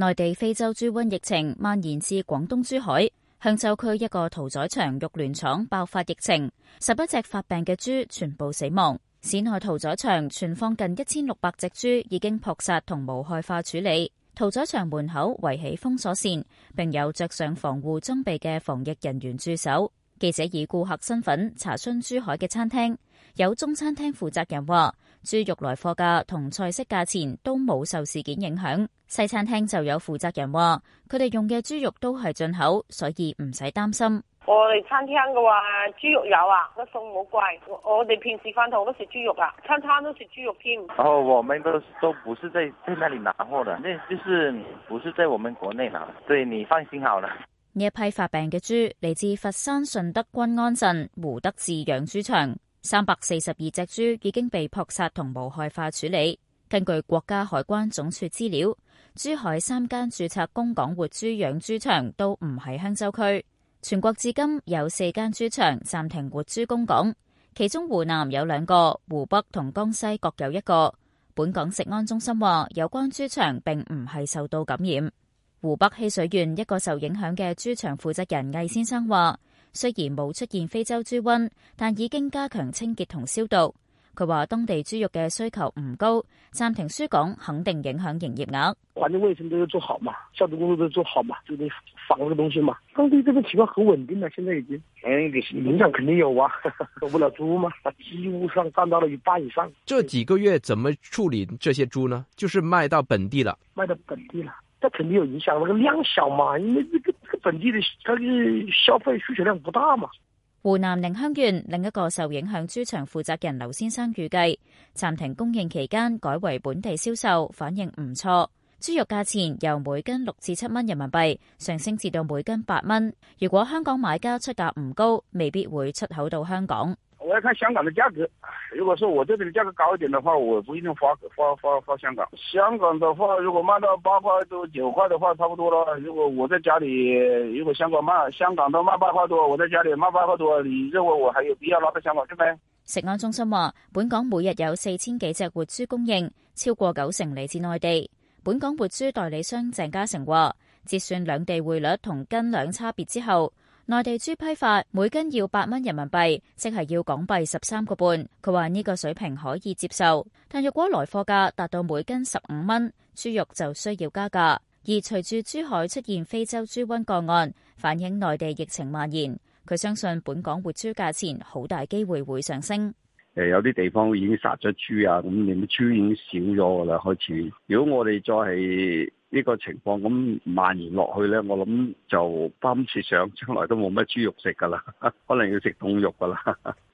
內地非洲豬瘟疫情蔓延至廣東珠海香洲區一個屠宰場肉聯廠爆發疫情，十一隻發病嘅豬全部死亡。市內屠宰場存放近一千六百隻豬已經撲殺同無害化處理，屠宰場門口圍起封鎖線，並有着上防護裝備嘅防疫人員駐守。記者以顧客身份查詢珠海嘅餐廳，有中餐廳負責人話。豬肉來貨價同菜式價錢都冇受事件影響，西餐廳就有負責人話：佢哋用嘅豬肉都係進口，所以唔使擔心。我哋餐廳嘅話，豬肉有啊，都送好貴。我哋平時飯堂都食豬肉啊，餐餐都食豬肉添、啊。哦，我們都都不是在在那裡拿貨的，那就是不是在我們國內拿，所以你放心好了。呢一批發病嘅豬嚟自佛山順德均安鎮胡德治養豬場。三百四十二隻豬已經被撲殺同無害化處理。根據國家海關總署資料，珠海三間註冊供港活豬養豬場都唔喺香洲區。全國至今有四間豬場暫停活豬供港，其中湖南有兩個，湖北同江西各有一個。本港食安中心話，有關豬場並唔係受到感染。湖北浠水縣一個受影響嘅豬場負責人魏先生話。雖然冇出現非洲豬瘟，但已經加強清潔同消毒。佢話當地豬肉嘅需求唔高，暫停輸港肯定影響營業額。環境衛生都要做好嘛，消毒工作都做好嘛，就啲防嗰個東西嘛。當地這個情況好穩定啦，現在已經誒個影響肯定有啊，收不了豬嗎？幾乎上佔到了一半以上。這幾個月怎麼處理這些豬呢？就是賣到本地啦，賣到本地啦，這肯定有影響，那個量小嘛，因為這個。本地的消費需求量不大嘛。湖南寧鄉縣另一個受影響豬場負責人劉先生預計暫停供應期間改為本地銷售，反應唔錯。豬肉價錢由每斤六至七蚊人民幣上升至到每斤八蚊。如果香港買家出價唔高，未必會出口到香港。我要看香港的價格，如果說我這邊的價格高一點的話，我不一定發發發發香港。香港的話，如果賣到八塊多九塊的話，差不多啦。如果我在家裏，如果香港賣，香港都賣八塊多，我在家裏賣八塊多，你認為我還有必要拿到香港去咩？食安中心話，本港每日有四千幾隻活豬供應，超過九成嚟自內地。本港活豬代理商鄭家成話，折算兩地匯率同斤兩差別之後。內地豬批發每斤要八蚊人民幣，即係要港幣十三個半。佢話呢個水平可以接受，但若果來貨價達到每斤十五蚊，豬肉就需要加價。而隨住珠海出現非洲豬瘟個案，反映內地疫情蔓延，佢相信本港活豬價錢好大機會會上升。誒，有啲地方已經殺咗豬啊，咁連啲豬已經少咗噶啦。開始，如果我哋再係呢個情況咁蔓延落去咧，我諗就今次上將來都冇乜豬肉食噶啦，可能要食凍肉噶啦。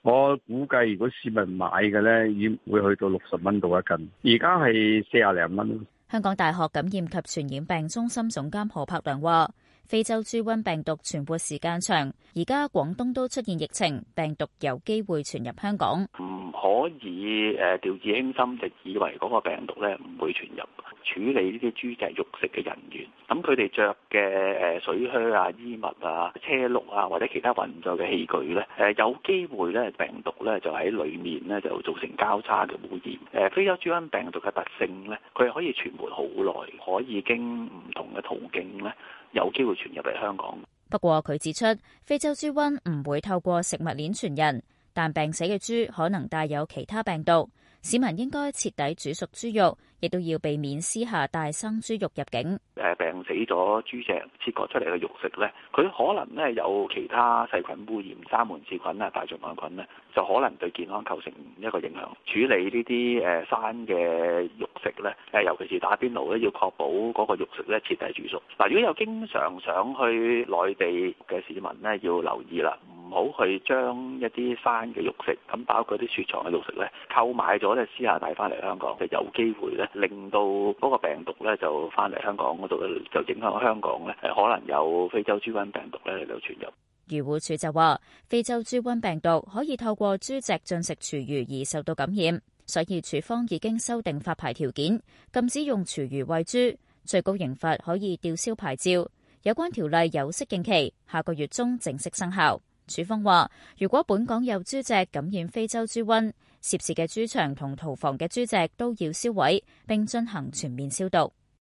我估計如果市民買嘅咧，已經會去到六十蚊到一斤。而家係四廿零蚊。香港大學感染及傳染病中心總監何柏良話。非洲豬瘟病毒傳播時間長，而家廣東都出現疫情，病毒有機會傳入香港，唔可以誒掉以輕心，就以為嗰個病毒咧唔會傳入。處理呢啲豬隻肉食嘅人員，咁佢哋着嘅誒水靴啊、衣物啊、車轆啊或者其他運作嘅器具咧，誒有機會咧病毒咧就喺裏面咧就造成交叉嘅污染。誒，非洲豬瘟病毒嘅特性咧，佢係可以傳播好耐，可以經唔同嘅途徑咧有機會。傳入嚟香港。不過，佢指出，非洲豬瘟唔會透過食物鏈傳人，但病死嘅豬可能帶有其他病毒。市民應該徹底煮熟豬肉，亦都要避免私下帶生豬肉入境。誒病死咗豬隻切割出嚟嘅肉食咧，佢可能咧有其他細菌污染，沙門氏菌啊、大腸桿菌咧，就可能對健康構成一個影響。處理呢啲誒生嘅肉食咧，誒尤其是打邊爐咧，要確保嗰個肉食咧徹底煮熟。嗱，如果有經常想去內地嘅市民咧，要留意啦。唔好去將一啲生嘅肉食，咁包括啲雪藏嘅肉食咧，購買咗咧，私下帶翻嚟香港，就有機會咧，令到嗰個病毒咧就翻嚟香港嗰度就影響香港咧，可能有非洲豬瘟病毒咧嚟到傳入。漁護署就話，非洲豬瘟病毒可以透過豬隻進食廚餘而受到感染，所以署方已經修訂發牌條件，禁止用廚餘餵豬，最高刑罰可以吊銷牌照。有關條例有適應期，下個月中正式生效。署方話：如果本港有豬隻感染非洲豬瘟，涉事嘅豬場同屠房嘅豬隻都要銷毀，並進行全面消毒。